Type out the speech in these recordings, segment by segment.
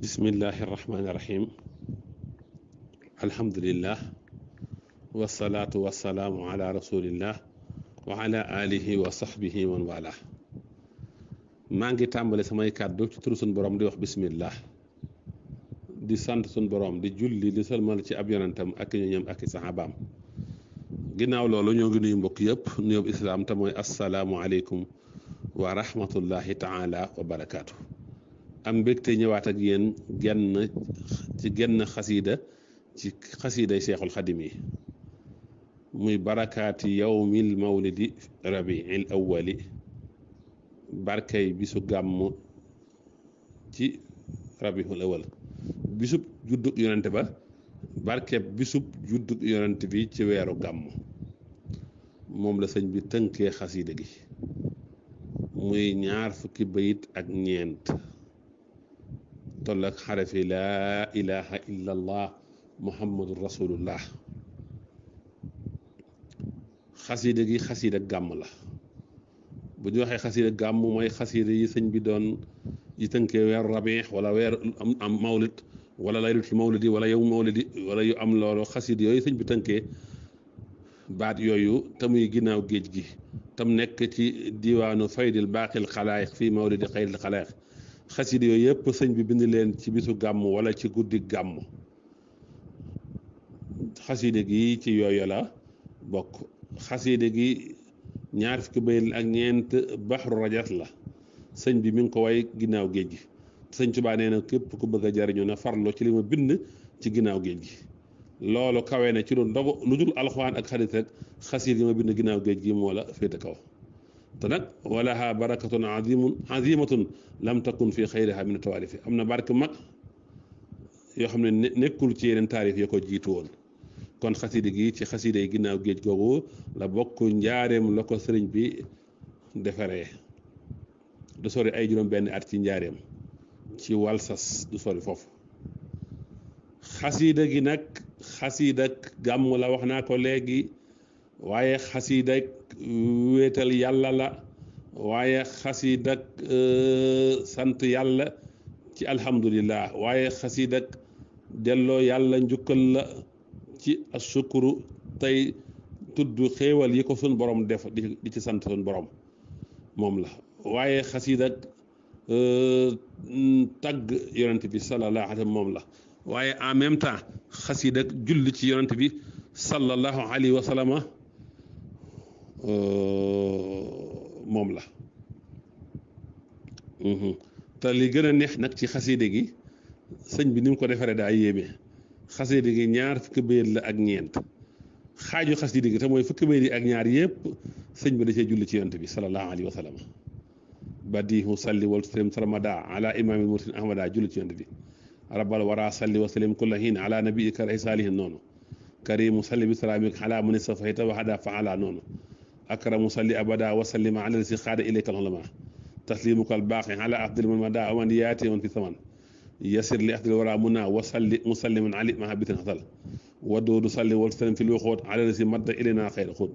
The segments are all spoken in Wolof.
bismillahi irrahmani irrahim alhamdulillah wasalaatu wasalaamu ala rasulillah wa ala alihi wa sahbihi man wala maa ngi tàmbale samay kàddu ci turu suñ boroom di wax bismillah di sant suñ boroom di julli di salmal ci ab yonentam ak ñoñam ak i saxaabaam ginnaaw loolu ñoo ngi nuyu mbokk yëpp nuyób islaam te mooy asalaamu aleykum wa rahmatullahi taala wa barakaatu. am mbégte ñëwaat ak yéen genn ci genn xasiida ci xasiiday seexul xadim yi muy barakaati yawmil mawlidi rabiil awwali barkay bisu gàmm ci rabiul awal bisub juddug yonent ba barkeb bisub juddug yonent bi ci weeru gàmm moom la sëñ bi tënkee xasiida gi muy ñaar fukki bayit ak ñeent toll ak xarafi laa ilaha illa allah muhammadu rasulullah xasida gi xasida gàmm la bu ñu waxee xasida gàmm mooy xasida yi sëñ bi doon yi tënkee weer rabiix wala weer am am mawlid wala laylatul mawlidi wala yow mawlidi wala yu am loolu xasida yooyu sëñ bi tënkee baat yooyu te muy ginnaaw géej gi tam nekk ci diwaanu faydil baaqil xalaayiq fii mawlidi xayril xalaayiq xasida yooyu yëpp sëñ bi bind leen ci bisu gàmm wala ci guddi gàmm xasida gi ci yooyu la bokk xasida gi ñaar fukki bayit ak ñeent baxru rajas la sëñ bi mu ngi ko way ginnaaw géej gi sëñ Tuubaa nee na képp ku bëgg a jariñu na farlo ci li ma bind ci ginnaaw géej gi loolu kawe na ci lu ndogu lu dul alxuraan ak xadis rek xasida yi ma bind ginnaaw géej gi moo la féete kaw te nag walaha barakatun azimun azimatun lam takun fi xayriha min tawaarifi am na barke mag yoo xam ne nekkul ci yeneen taarif yoo ko jiitu woon kon xaside gi ci xaside yi ginnaaw géej googu la bokk njaareem la ko sëriñ bi defaree du sori ay juróom benn at ci njaareem ci walsas du sori foofu xasida gi nag xasida gàmm la wax naa ko léegi waaye xasiida uh, wéetal yàlla la waaye xasiida uh, sant yàlla ci alhamdulillah waaye xasiida delloo yàlla njukkal la ci asukuru tey tudd xéewal yi ko sun borom def di ci sant sun borom moom la waaye xasiida uh, tagg yonent bi sallallahu alayhi wa moom la waaye en même temps xasiida julli ci yonent bi sallallahu alayhi wa Euh, moom la mhm. te li gën a neex nag ci xaside gi sëñ bi ni mu ko defaree daa yéeme xaside gi ñaar fukki bayit la ak ñeent xaaju xaside gi te mooy fukki bayit yi ak ñaar yépp sëñ bi da cee julli ci yonent bi sallallahu alayhi wa sallam badihu salli wal sallim sarmada ala imaamil mursin ahmada julli bi rabbal wara salli wa sallim kulla hiin ala nabiika rahi saalihin noonu karimu salli bi salaamika ala man istafayta wa hada fa ala noonu akramu salli abada wa sallima ala si xaada ilayka alulama taslimuka albaaxi ala afdal man mada wa man yaati man fi saman yasir li afdal wara muna wa salli musalliman ali maha bitin xasal wadoodu salli wal sallim fi lwuxoot ala si madda ilayna xayra xóot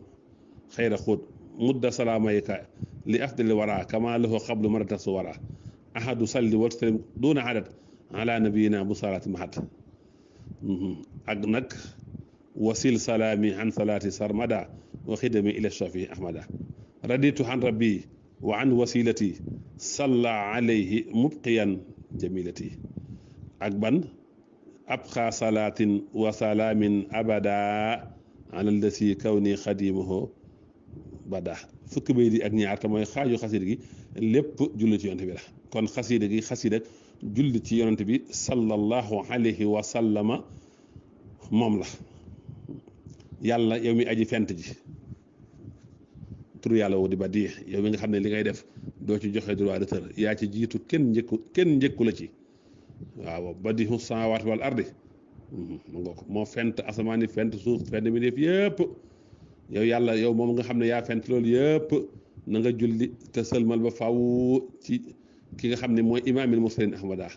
xayra xóot mudda salaamayka li afdal wara kama lahu xablu mara tasu wara ahadu salli wal sallim duuna adat ala nabiyina bu salaati mahat ak nag wasil salaami an salaati sarmada وخدمي إلى الشافعي أحمد رديت عن ربي وعن وسيلتي صلى عليه مبقيا جميلتي أكبر أبقى صلاة وسلام أبدا على الذي كوني خديمه bada fukki bay di ak ñaar te mooy xaaju xasida gi lépp julli ci yonent bi la kon xasida gi xasida julli ci yonent bi sallallahu alayhi wa sallama moom la yàlla yow mi aji fent ji turu yàlla woo di ba diix yow mi nga xam ne li ngay def doo ci joxe droit d'auteur yaa ci jiitu kenn njëkku kenn njëkku la ci waaw ba diixu samaawaati wal ardi mhm, mu nga ko moo fent asamaan fent suuf fent mi def yëpp yow yàlla yow moom nga xam ne yaa fent loolu yëpp na nga julli te sëlmal ba faw ci ki nga xam ne mooy imaamil mursalin ahmada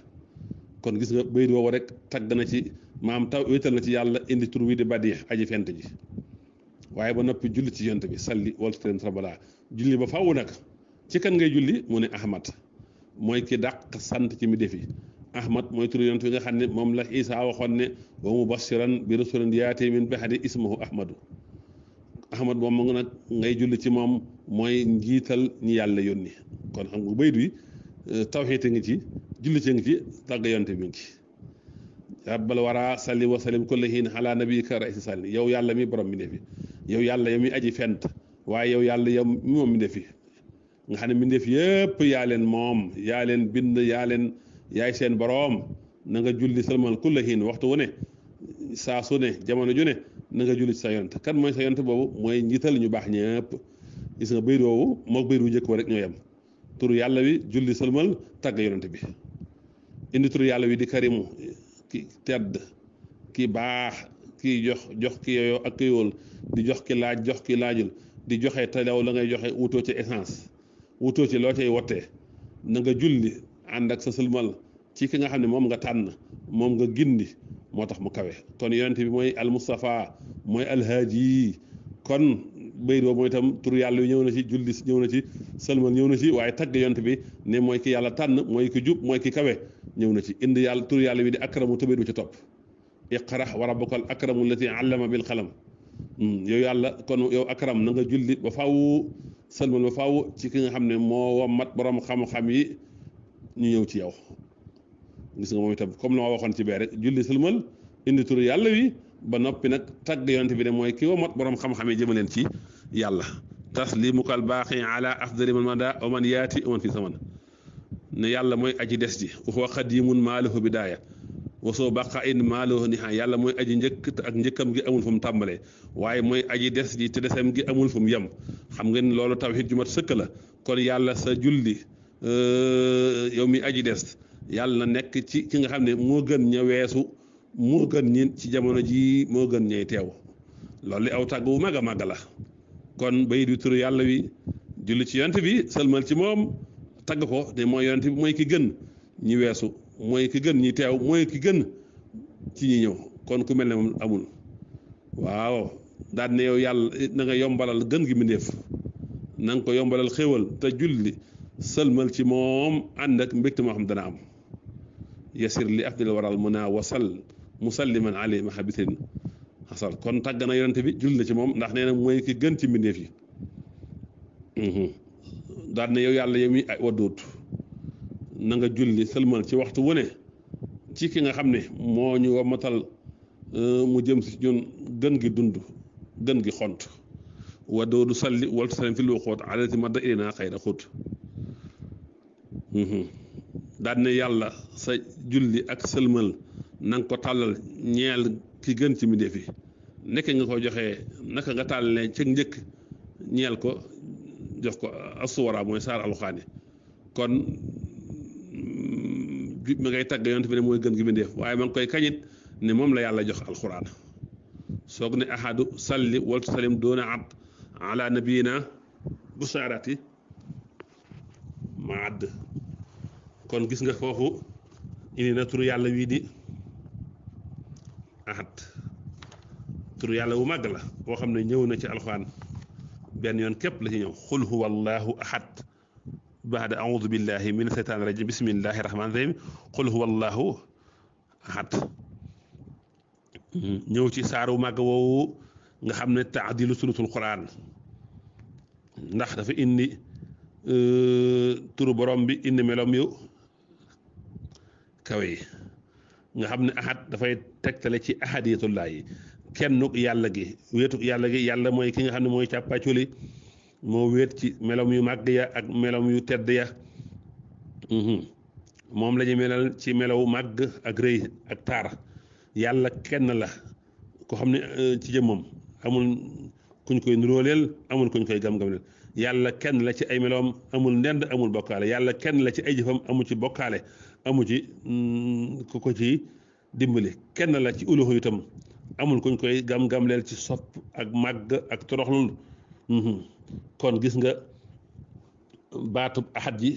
kon gis nga bayit woowu rek tagg na ci maam taw wéetal na ci yàlla indi tur wi di badix aji fent ji waaye ba noppi julli ci yonent bi salli wal leen sabala julli ba faaw nag ci kan ngay julli mu ne Ahmad mooy ki dàq sant ci mi defi Ahmad mooy turu yonent bi nga xam ne moom la Isa waxoon ne wa mubashiran bi rasulin yaati min ba'di ismuhu Ahmadu Ahmad moom ngay julli ci moom mooy njiital ñi yàlla yónni kon xam nga bayit wi euh, tawxiit a ngi ci julli ci ngi ci tàgg yonent bi ngi ci rabbal wara salli wa sallim kulli hiin ala nabiyika raisi salli yow yàlla mi borom mi ne fi yow yàlla yow mi aji fent waaye yow yàlla yow moom mi def nga xam ne mi def yëpp yaa leen moom yaa leen bind yaa leen yaay seen boroom na nga julli salman kulla hiin waxtu wu ne saa su ne jamono ju ne na nga julli ci sa yonent kan mooy sa yonent boobu mooy njiital ñu baax ñëpp gis nga bayit moo bayit wu njëkk ba rek ñoo yem turu yàlla wi julli salmal tàgg yonent bi indi turu yàlla wi di karimu tedd ki baax ki jox jox ki yeyoo ak ki di jox ki laaj jox ki laajul di joxe te la ngay joxe wutoo ci essance wutoo ci loo cay wottee na nga julli ànd ak sa sëlmal ci ki nga xam ne moom nga tànn moom nga gindi moo tax mu kawe kon yonent bi mooy al mooy alhaaji yi kon bayit boobu itam tur yàlla yi ñëw na ci julli ñëw na ci sëlmal ñëw na ci waaye tagg yonent bi ne mooy ki yàlla tànn mooy ki jub mooy ki kawe ñëw na ci indi yàlla tur yàlla bi di akramu tëbéydu ca topp iqra wa rabbuka al akramu allati allama bil qalam hmm, yow yàlla kon yow akram na nga julli ba faaw sëlmal ba faaw ci ki nga xam ne moo mat borom xam-xam yi ñu ñëw ci yow gis nga moom itam comme la ma waxoon ci bee rek julli sëlmal indi turu yàlla wi ba noppi nag tagg yonent bi ne mooy ki wammat borom xam-xam yi jëmaleen ci yàlla taslimuka al baaqi ala afdali man mada wa man yaati wa man fi zaman ne yàlla mooy aji des ji wa qadimun maalahu bidaaya wasoo baqa in maaloo niha yàlla mooy aji njëkk ak njëkkam gi amul fa mu tàmbalee waaye mooy aji des ji te desam gi amul fu mu yem xam nga ni loolu tawhid ju mat sëkk la kon yàlla sa julli euh, yow mi aji des yàlla na nekk ci ci nga xam ne moo gën ña weesu moo gën ñi ci jamono ji moo gën ñay teew loolu li aw tàgg wu mag a mag la kon bay di turu yàlla wi julli ci yonent bi sëlmal ci moom tagg ko ne mooy yonent bi mooy ki gën ñi weesu mooy ki gën ñi teew mooy ki gën ci ñi ñëw kon ku mel ne moom amul waaw daan ne yow yàlla na yombalal gën gi mbindéef na ko yombalal xéwal te julli sëlmal ci moom ànd ak mbégte moo xam dana am yasir li afdil waral mën naa wasal musalliman ma mahabitin asal kon tàgg na yonente bi julli na ci moom ndax nee na mooy ki gën ci mbindéef yi mhm. daan ne yow yàlla yow mi ay wadduut na nga julli sëlmal ci waxtu wu ne ci ki nga xam ne moo ñu wamatal euh, mu jëm si ñun gën gi dund gën gi xont wa doodu salli waltu salim fi lu xoot alati ma da ilinaa xëy na xóot mhm. daal ne yàlla sa julli ak sëlmal nanga ko tàllal ñeel ki gën ci mbindéef yi nekk nga ko joxe naka nga tàllalee ci njëkk ñeel ko jox ko asuwara mooy saar alxaani kon mi ngay tàgg yonent bi ne mooy gën gi bindeef waaye ma ngi koy kañit ne moom la yàlla jox alquran soog ne ahadu salli wal tusallim doona abd ala nabiyina bushaarati ma àdd kon gis nga foofu indi na turu yàlla wii di ahad turu yàlla wu màgg la oo xam ne ñëw na ci alquran benn yoon képp la ci ñëw xul huwa allahu ahad baada audu billahi min seytaani rajim bismillahi rahmaani rahim qul huwa allahu ahad ñëw ci saaru màgg woowu nga xam ne taadilu sunatul quraan ndax dafa indi euh, turu borom bi indi melom yu kawe yi nga xam ne ahad dafay tegtale ci ahadiyatullaahi kennuk yàlla gi wéetuk yàlla gi yàlla mooy ki nga xam ne mooy càppaaculi moo wéet ci melow yu màgg ya ak melow yu tedd ya mhm. moom la ñu ci melaw màgg ak rëy ak taar yàlla kenn la ko xam ne euh, ci jëmmam amul kuñ koy nuróoleel amul kuñ koy gam yàlla kenn la ci ay melawam amul ndend amul bokkaale yàlla kenn la ci ay jëfam amu ci bokkaale amu ci mm, ku ko ci dimbali kenn la ci uluxu amul kuñ koy gam-gamleel ci sopp ak màgg ak toroxlul mhm. kon gis nga baatub ahad ji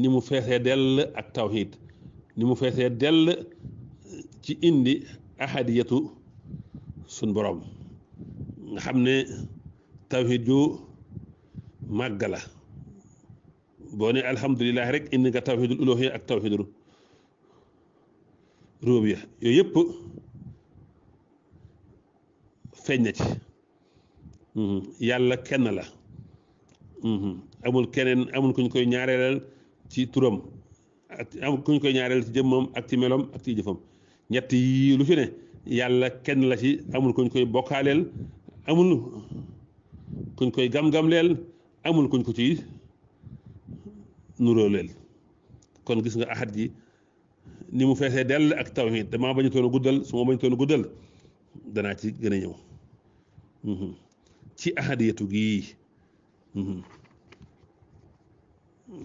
ni mu feesee dell ak tawxiid ni mu feesee dell ci indi ahadiyatu suñ boroom nga xam ne tawxiid yu màgg la boo ne alhamdulilah rek indi nga tawxiidul uluhiyya ak tawxiidul rububiyya yooyu yëpp feeñ na ci Mm-hmm. yàlla kenn la mm-hmm. amul keneen amul kuñ koy ñaareelal ci turam ak amul kuñ koy ñaareel ci jëmmam ak ci meloom ak ci jëfam ñett yii lu fi ne yàlla kenn la ci amul kuñ koy bokkaaleel amul kuñ koy gam-gamleel amul kuñ ko ci nuróoleel kon gis nga axat ji ni mu feesee dell ak tawhid damaa bañu toon guddal su ma bañu toon a guddal danaa ci gën a ñëw mm-hmm. ci ahadiyatu gi mhm.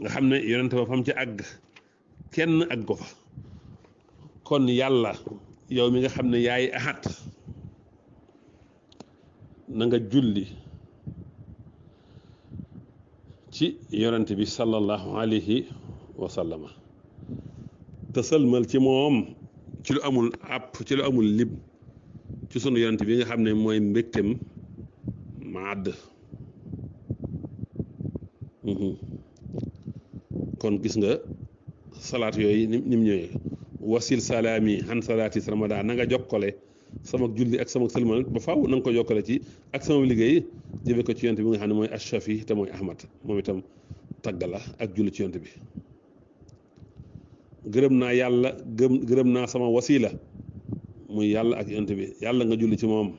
nga xam ne yonente ba fam ci àgg kenn àgg ko fa kon yàlla yow mi nga xam ne yaay ahad na nga julli ci yonente bi sallallahu alayhi wa sallama te ci moom ci lu amul àpp ci lu amul lib ci sunu yonente bi nga xam ne mooy mbégtem maad mhm. kon gis nga salaat yooyu ni mu ñëwee wasil yi han salaati sarmada na nga jokkale sama julli ak sama sëlmal ba faaw nanga ko jokkale ci ak sama liggéey jëme ko ci yonte bi nga xam ne mooy achafi te mooy ahmad moom itam tagg la ak julli ci yonte bi gërëm naa yàlla gëm gërëm naa sama wasila muy yàlla ak yonte bi yàlla nga julli ci moom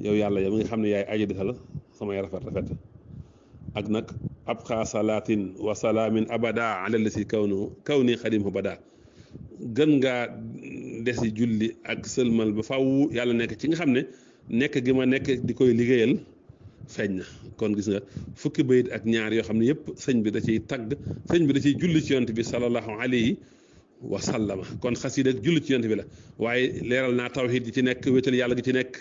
yow yàlla yow mi nga xam ne yaay aji desal samay rafet rafet ak nag ab xaa salaatin wa salaamin abada ala si kaw nu kaw nii xadim hu bada gën ngaa desi julli ak sëlmal ba faw yàlla nekk ci nga xam ne nekk gi ma nekk di koy liggéeyal feeñ na kon gis nga fukki bayit ak ñaar yoo xam ne yëpp sëñ bi da ciy tagg sëñ bi da ciy julli ci yonent bi sallallahu alayhi wa sallama kon xasiid ak julli ci yonent bi la waaye leeral naa tawxiid gi ci nekk wéetal yàlla gi ci nekk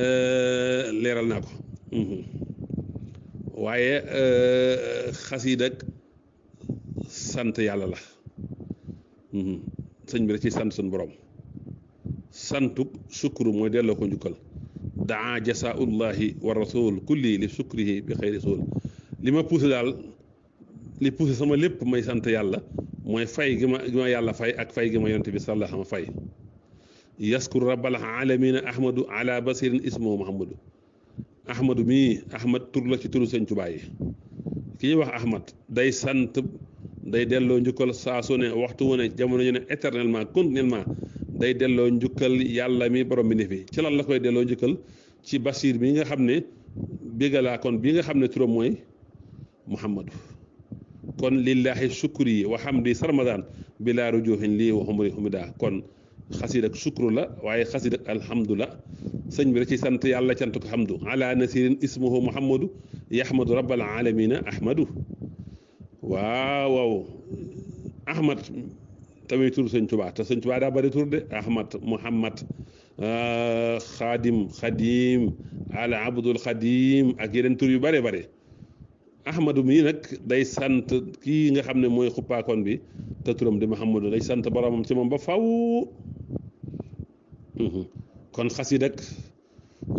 euh, leeral naa ko Mhm. waaye euh, xasida ak sant yàlla la mhm. sëñ bi da ci sant suñ borom santuk sukkuru mooy delloo ko njukkal daa jasaullahi wa rasul kulli li sukrihi bi xëyri suul li ma puuse daal li puuse sama lépp may sant yàlla mooy fay gi ma gi ma yàlla fay ak fay gi ma yonte bi sàlla xam fay yaskuru rabbal alamina ahmadu ala basirin ismo muhammadu ahmadu mii ahmad tur la ci turu sëñ Tuubaa yi ki ñuy wax ahmad day sant day delloo njukkal saa su waxtu wu jamono ñu ne éternellement continuellement day delloo njukkal yàlla mi borom bi ne fi ci lan la koy delloo njukkal ci basiir bi nga xam ne bégalaa kon bi nga xam ne turam mooy muhammadu kon lillaahi sukkur yi wa hamdi sarmadaan bilaa rujuuxin lii wa xumri humidaa kon xasiid ak sukru la waaye xasiid ak alhamdu la sëñ bi da ci sant yàlla cant ko hamdu ala nasirin ismuhu muhammadu yahmadu rabbal alamina ahmadu waaw waaw ahmad tamit tur sëñ Tuubaa te sëñ Tuubaa daa bari tur de ahmad muhammad ah, xaadim xadim ala abdul xadim ak yeneen tur yu bare bare ahmadu mii nag day sant kii nga xam ne mooy xuppaakoon bi te turam di Muhammadu day sant boromam ci moom ba faw mhm. kon xasida ak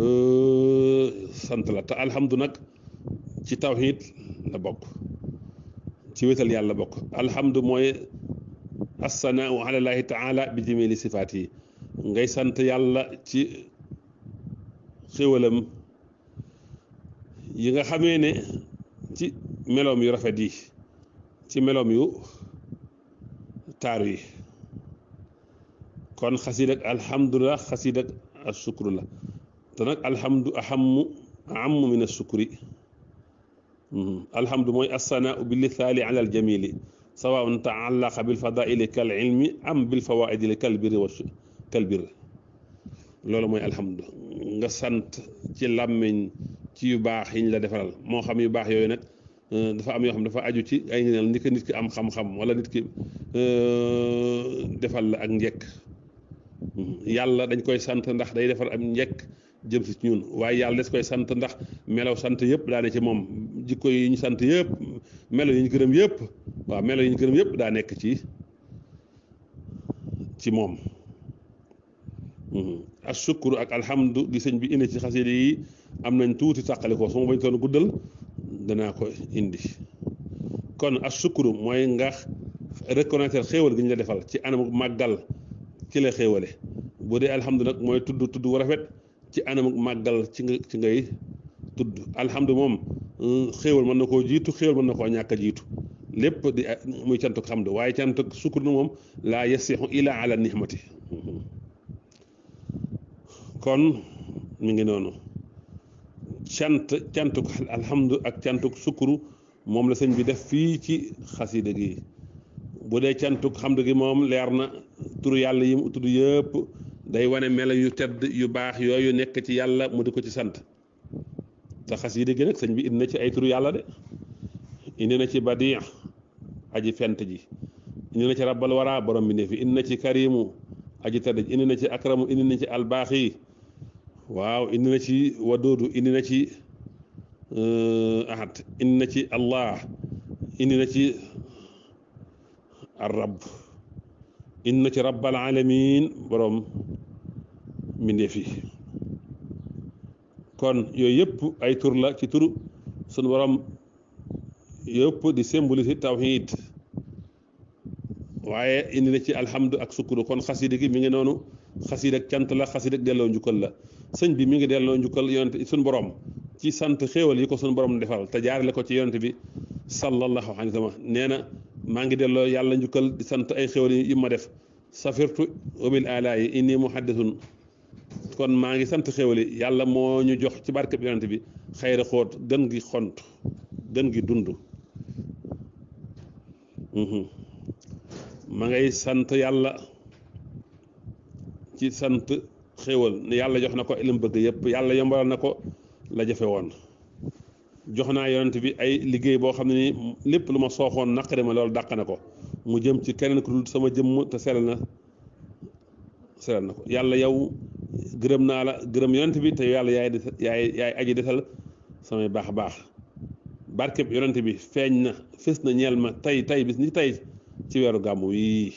euh, sant la te alhamdu nag ci tawxiid la bokk ci wétal yàlla bokk alhamdu mooy assanaahu ala llaahi taala bi jimili sifaat yi ngay sant yàlla ci xéwalam yi nga xamee ne ci meloom yu rafet yi ci meloom yu taaru yi kon xasiid ak alhamdulilah xasiid ak asukru la te nag alhamdu ahammu ahammu min asukri hmm. alhamdu mooy assanaa bi lithaali ala aljamili sawaun taallaqa bilfadaili kal ilmi am bilfawaidi li kalbiri wa kalbir loolu mooy alhamdu nga sant ci làmmiñ ci yu baax yiñ la defaral moo xam yu baax yooyu nag euh, dafa am yoo xam dafa aju ci ay ngëneel ni ko nit ki am xam-xam wala nit ki euh, defal la ak njekk yàlla dañ koy sant ndax day defar am njekk jëm ci ñun waaye yàlla des koy sant ndax melaw sant yëpp daa ci moom jikko yi ñu sant yëpp melo yi ñu gërëm yëpp waaw melo yi ñu gërëm yëpp daa nekk ci ci moom hmm. ak ak alhamdu di sëñ bi indi ci xasida yi am nañ tuuti tàqalikoo su ma bañ toon guddal danaa ko indi kon ak sukkur mooy nga reconnaître xéewal gi ñu la defal ci anam màggal ci la xéewale dee alhamdu nag mooy tudd tudd wu rafet ci anam màggal ci nga ci ngay tudd alhamdu moom xéewal mën na koo jiitu xéewal mën na koo ñàkk jiitu lépp di muy cantuk xamdu waaye cantuk sukkur moom laa yasixu ila ala nihmati kon mi ngi noonu cant cantuk alhamdu ak cantuk sukuru moom la sëñ bi def fii ci xasida gi bu dee cantuk xamdu gi moom leer na turu yàlla yi mu tudd yëpp day wane melo yu tedd yu baax yooyu nekk ci yàlla mu di ko ci sant te xasida gi nag sëñ bi indi na ci ay turu yàlla de indi na ci badix aji fent ji indi na ci rabbal wara borom bi ne fi indi na ci karimu aji tedd ji indi na ci akramu indi na ci albaaxi waaw indi na ci wadoodu indi na ci euh, ahad indi na ci allah indi na ci arab indi na ci rabbal alamin borom mbindeef yi kon yooyu yëpp ay tur la ci turu sunu borom yëpp di symboliser tawhid waaye indi na ci alhamdu ak sukkuru kon xasida gi mi ngi noonu xasida ak cant la xasida ak delloo njukkal la sëñ bi mi ngi delloo njukkal yonent suñu borom ci sant xéewal yi ko suñu borom defal te jaarale ko ci yonent bi sallallahu alayhi wa sallam nee na maa ngi delloo yàlla njukkal di sant ay xéewal yi ma def safirtu obil ala yi inni muhaddisun kon maa ngi sant xéewal yi yàlla moo ñu jox ci barke bi bi xayra xóot gën gi xont gën gi dund mhm. ma ngay sant yàlla ci sant xéewal yàlla jox na ko lim bëgg yëpp yàlla yombalal na ko la jafe woon jox naa yonent bi ay liggéey boo xam ne nii lépp lu ma sooxoon naqari ma loolu daq na ko mu jëm ci keneen ku dul sama jëmm te selal na selal na ko yàlla yow gërëm naa la gërëm yonent bi te yàlla yaay yaay yaay aji desal samay baax baax barkeb yonent bi feeñ na fés na ñeel ma tey tey bis ni tey ci weeru gàmmu yi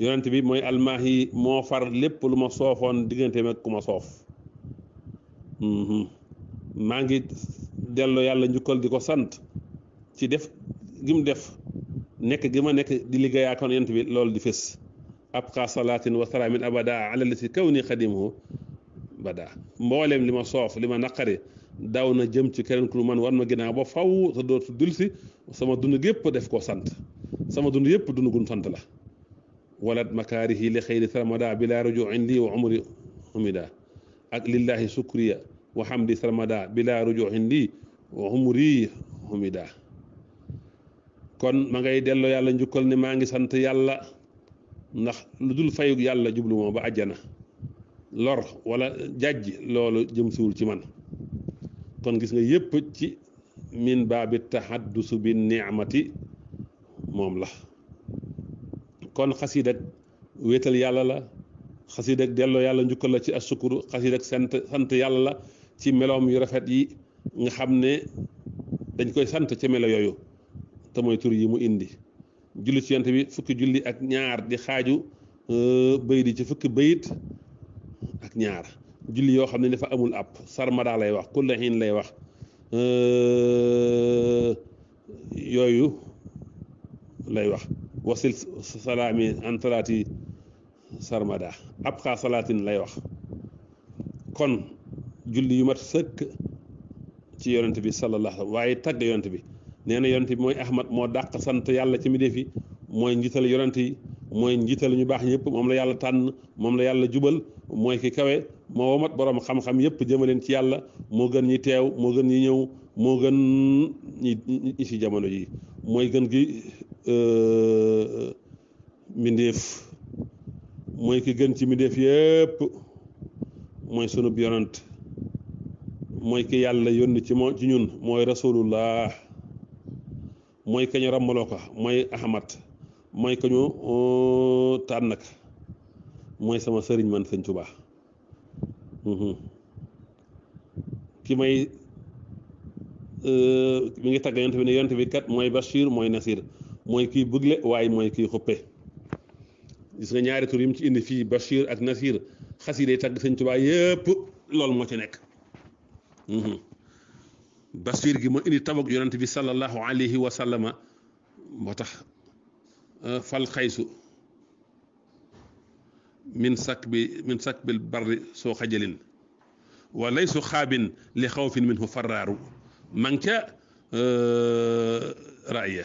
yonent bi mooy almaahi moo far lépp lu ma soofoon diggante meg ku ma soof mhm. maa ngi delloo yàlla njukkal di ko sant ci def gi mu def nekk gi ma nekk di liggéeyaa kon yonent bi loolu di fës abqa salaatin wa salaamin abada ala lati kaw ni xadimuhu bada mbooleem li ma soof li ma naqari daw na jëm ci keneen ku lu man war ma ginnaaw ba faw sa dootu si sama dund gépp def koo sant sama dund yëpp dund gun sant la walat makaarihi li xayri sarmada bila rujuin lii wa umri humida ak lillahi sukriya wa hamdi sarmada bila rujuin lii wa umri humida kon ma ngay delloo yàlla njukkal ni maa ngi sant yàlla ndax lu dul fayug yàlla jublu moo ba àjjana lor wala jàjj loolu jëm suul ci man kon gis nga yépp ci min baabi tahaddusu bi ni'mati moom la kon xasidak wéetal yàlla la xasidak delloo yàlla njukkal la ci asukuru xasidak sant sant yàlla la ci meloom yu rafet yi nga xam ne dañ koy sant ci melo yooyu te mooy tur yi mu indi julli ci yonent bi fukki julli ak ñaar di xaaju euh, bayit yi ci fukki bayit ak ñaar julli yoo xam ne dafa amul àpp sarmada lay wax kulla hiin lay wax euh, yooyu lay wax wasil salaami an salaati sarmada ab xaa salaatin lay wax kon julli yu mat sëkk ci yonent bi sallallahu alayhi waaye tagg yonent bi nee na yonent bi mooy ahmad moo dàq sant yàlla ci mi def mooy njiital yonent yi mooy njiital ñu baax ñëpp moom la yàlla tànn moom la yàlla jubal mooy ki kawe moo womat borom xam-xam yëpp jëmaleen ci yàlla moo gën ñi teew moo gën ñi ñëw moo gën ñi ci jamono ji mooy gën gi Euh, mbindéef mooy ki gën ci mbindéef yépp mooy sunub yonant mooy ki yàlla yónni ci moo ci ñun mooy rasulullah mooy kañu ràmmaloo mooy ahmad mooy kañu euh, tànn ka mooy sama sëriñ man sëñ Tuubaa mm-hmm. ki may euh, mi ngi tàgg yonent bi ne yonent bi kat mooy Bachir mooy Nasir mooy kii bëgle waaye mooy kiy xuppe gis nga ñaari tur yi mu ci indi fii Bachir ak Nasir xasida yi tagg sëñ Tuubaa yëpp loolu moo ci nekk mhm. Bachir gi moo indi tabog yonent bi sallallahu alayhi wa sallama moo tax euh, fal xaysu min sak bi min sak bil barri soo xajalin wa laysu xaabin li xawfin minhu farraaru man ca euh, raaya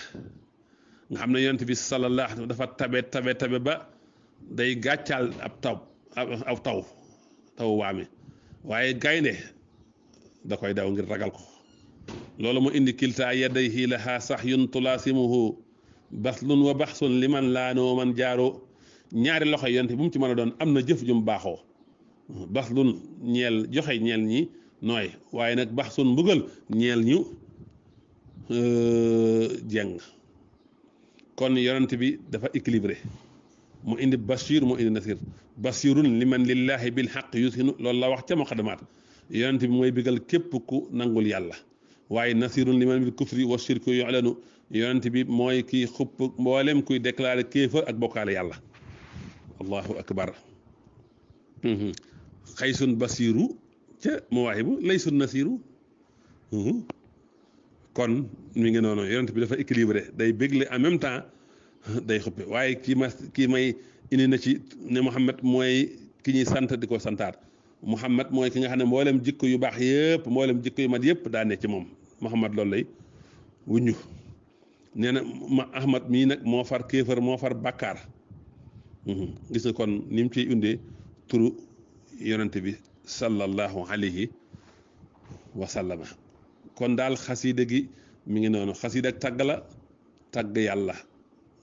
nga xam ne yonent bi sallallahu alayhi dafa tabe tabe tabe ba day gàccaal ab taw taw taw waame waaye gaynde da koy daw ngir ragal ko loolu mu indi kiltaa yadayhi lahaa sahyun tulaasimuhu baslun wa baxsun liman laanoo man jaaroo ñaari loxo yonent bu mu ci man a doon am na jëf jum baaxoo baxsun ñeel joxe ñeel ñi nooy waaye nag baxsun mbugal ñeel ñu euh, jeng kon yonent bi dafa équilibré mu indi bashir mu indi nasir bashirun liman lillahi bil xaq yusinu loolu la wax ca muqadamaat yonent bi mooy bigal képp ku nangul yàlla waaye nasirun liman bil kufri wa shirku yu'lanu yonent bi mooy kii xupp mboolem kuy déclaré kéefër ak bokkaale yàlla allahu akbar xaysun basiru ca mawaahibu laysun nasiru kon mu ngi noonu yonent bi dafa équilibré day bégle en même temps day xuppe waaye kii ma kii may indi na ci ne Muhammad mooy ki ñuy sant di ko santaat Muhammad mooy ki nga xam ne mboolem jikko yu baax yëpp mboolem jikko yu mat yëpp daa ci moom Muhammad lool lay wuññu nee na Ahmad mii nag moo far kéefar moo far bàkkaar mhm. gis kon ni ci ciy indee turu yonent bi sallallahu alayhi wa sallama kon daal xasiida gi mi ngi noonu xasiida ak tàgg la tàgg yàlla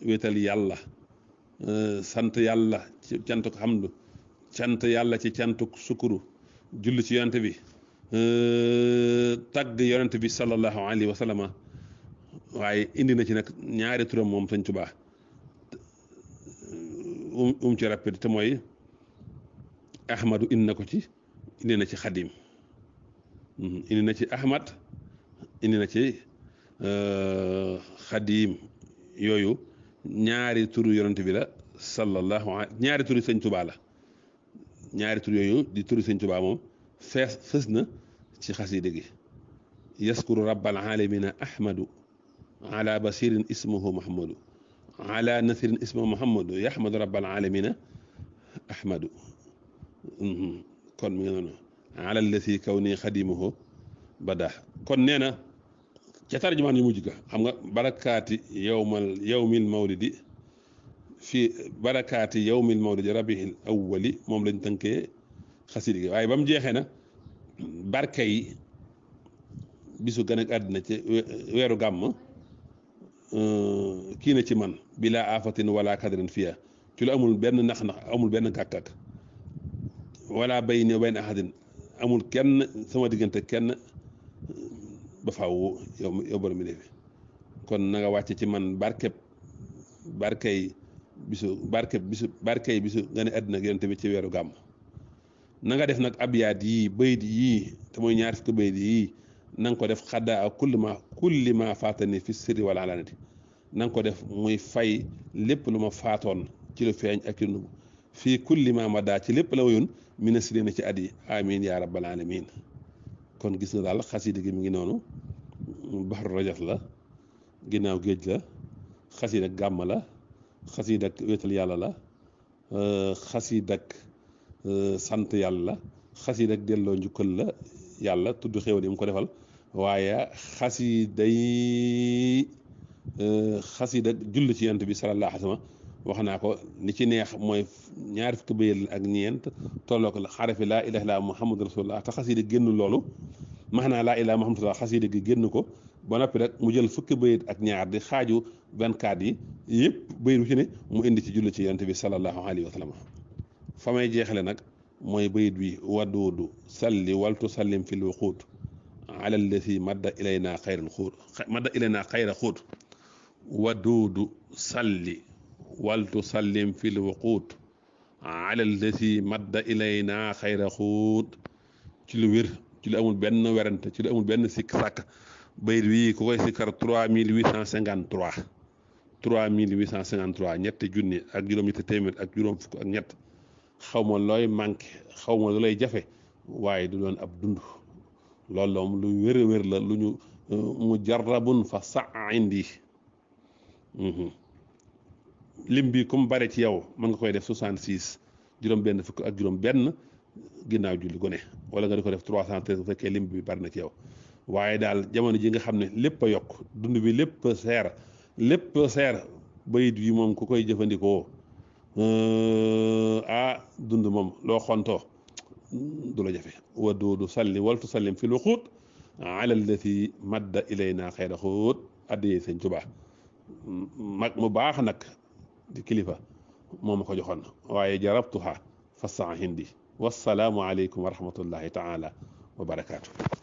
wéetal yàlla euh, sant yàlla ci cantuk xamdu cant yàlla ci cantuk sukuru julli ci yonent bi euh, tàgg yonent bi sallallahu alayhi wa waaye indi na ci nag ñaari turam moom Sëñ Tuubaa um, um ci rappit te mooy ahmadu indi na ko ci indi na ci xadim hmm, indi na ci ahmad indi na ci euh, xadiim ñaari turu yonent bi la sallallahu ñaari turu sëñ tubaa yooyu di turu sëñ na ci xasida gi yaskuru rabbal alamina ahmadu ala basirin ismuhu muhammadu ala nasirin ismuhu muhammadu yaxmadu rabbal alamina ahmadu mm-hmm. kon mi ngi ala allasi kaw xadimuhu bada ca tarjumaan yu mujj ga xam nga barakaati yowmal yowmil mawlidi fii barakaati yowmil mawlidi rabihil awwali moom lañ tënkee xasida gi waaye ba jeexee na barke bisu gën ak àddina ci weeru gàmm euh, kii na ci man bila afatin wala kadrin fiya ci lu amul benn nax-nax amul benn gàkk-gàkk wala bayni wa bayna amul kenn sama diggante kenn ba faaw yow yow borom bi fi kon na nga wàcc ci man barkeb barkay bisu barkeb bisu barkay bisu nga ne àddina ak yonent bi ci weeru gàmm na nga def nag abyaat yii bayit yii te mooy ñaar fukki bayit yii na ko def xadda ak kulli ma kulli faatani fi sirri wala alanati na ko def muy fay lépp lu ma faatoon ci lu feeñ ak ci lu nubu fii kulli ma ma daa ci lépp la woyoon si sirina ci at yi amin yaa rabbal alamin kon gis na daal xasida gi mi ngi noonu baxru rajas la ginnaaw géej la xasida ak gàmm la xasida ak wéetal yàlla la euh, xasida ak euh, sant yàlla la xasida ak delloo njukkal la yàlla tudd xéwal yi mu ko defal waaye xasiday euh, xasida ak julli ci yant bi sallallahu alayhi wa wax naa ko li ci neex mooy ñaari fukki bayit ak ñeent tolloo ko xarafi laa ilaha illa muhammad rasulullah te xasida génn loolu maanaa laa ilaha muhammad rasulullah xasida gi génn ko ba noppi rek mu jël fukki bayit ak ñaar di xaaju 24 yi yëpp bayit bu ci ne mu indi ci julli ci yonent bi sallallahu alayhi wa sallam fa may jeexale nag mooy bayit bi waduudu salli waltu sallim fil wuquud ala alladi madda ilayna xayral xuut madda ilayna xayra xuut waduudu salli waltu wal tusallim fi lwuquut ala allati madda ilayna xayra xuut ci lu wér ci lu amul benn werante ci lu amul benn sikk sàkk bayit wii ku koy sikkar trois mille huit cent cinquante trois mille huit cent cinquante trois ñetti junni ak juróom ñetti téeméer ak juróom fukk ak ñett xaw ma looy manqué xaw ma lu lay jafe waaye du doon ab dund loolu moom lu wér wér la lu ñu euh, mu jarrabun fa sa indi mhm. lim bi comme bare ci yow mën nga koy def 66 juróom-benn fukk ak juróom-benn ginnaaw julli gone wala nga di ko def 313 bu fekkee lim bi bari na ci yow waaye daal jamono ji nga xam ne lépp a yokk dund bi lépp a seer lépp seer bayit yi moom ku koy jëfandikoo euh, ah dund moom loo xontoo du la jafe wa doodu salli wal tu sallim fi luxuut ala allati madda ilayna xayra xuut addiyee sëñ Tuubaa mag mu baax nag di kilifa moo ma ko joxoon waaye jarabtuha fasaha hindi wassalaamu aleykum wa rahmatullahi taala wa barakaatu.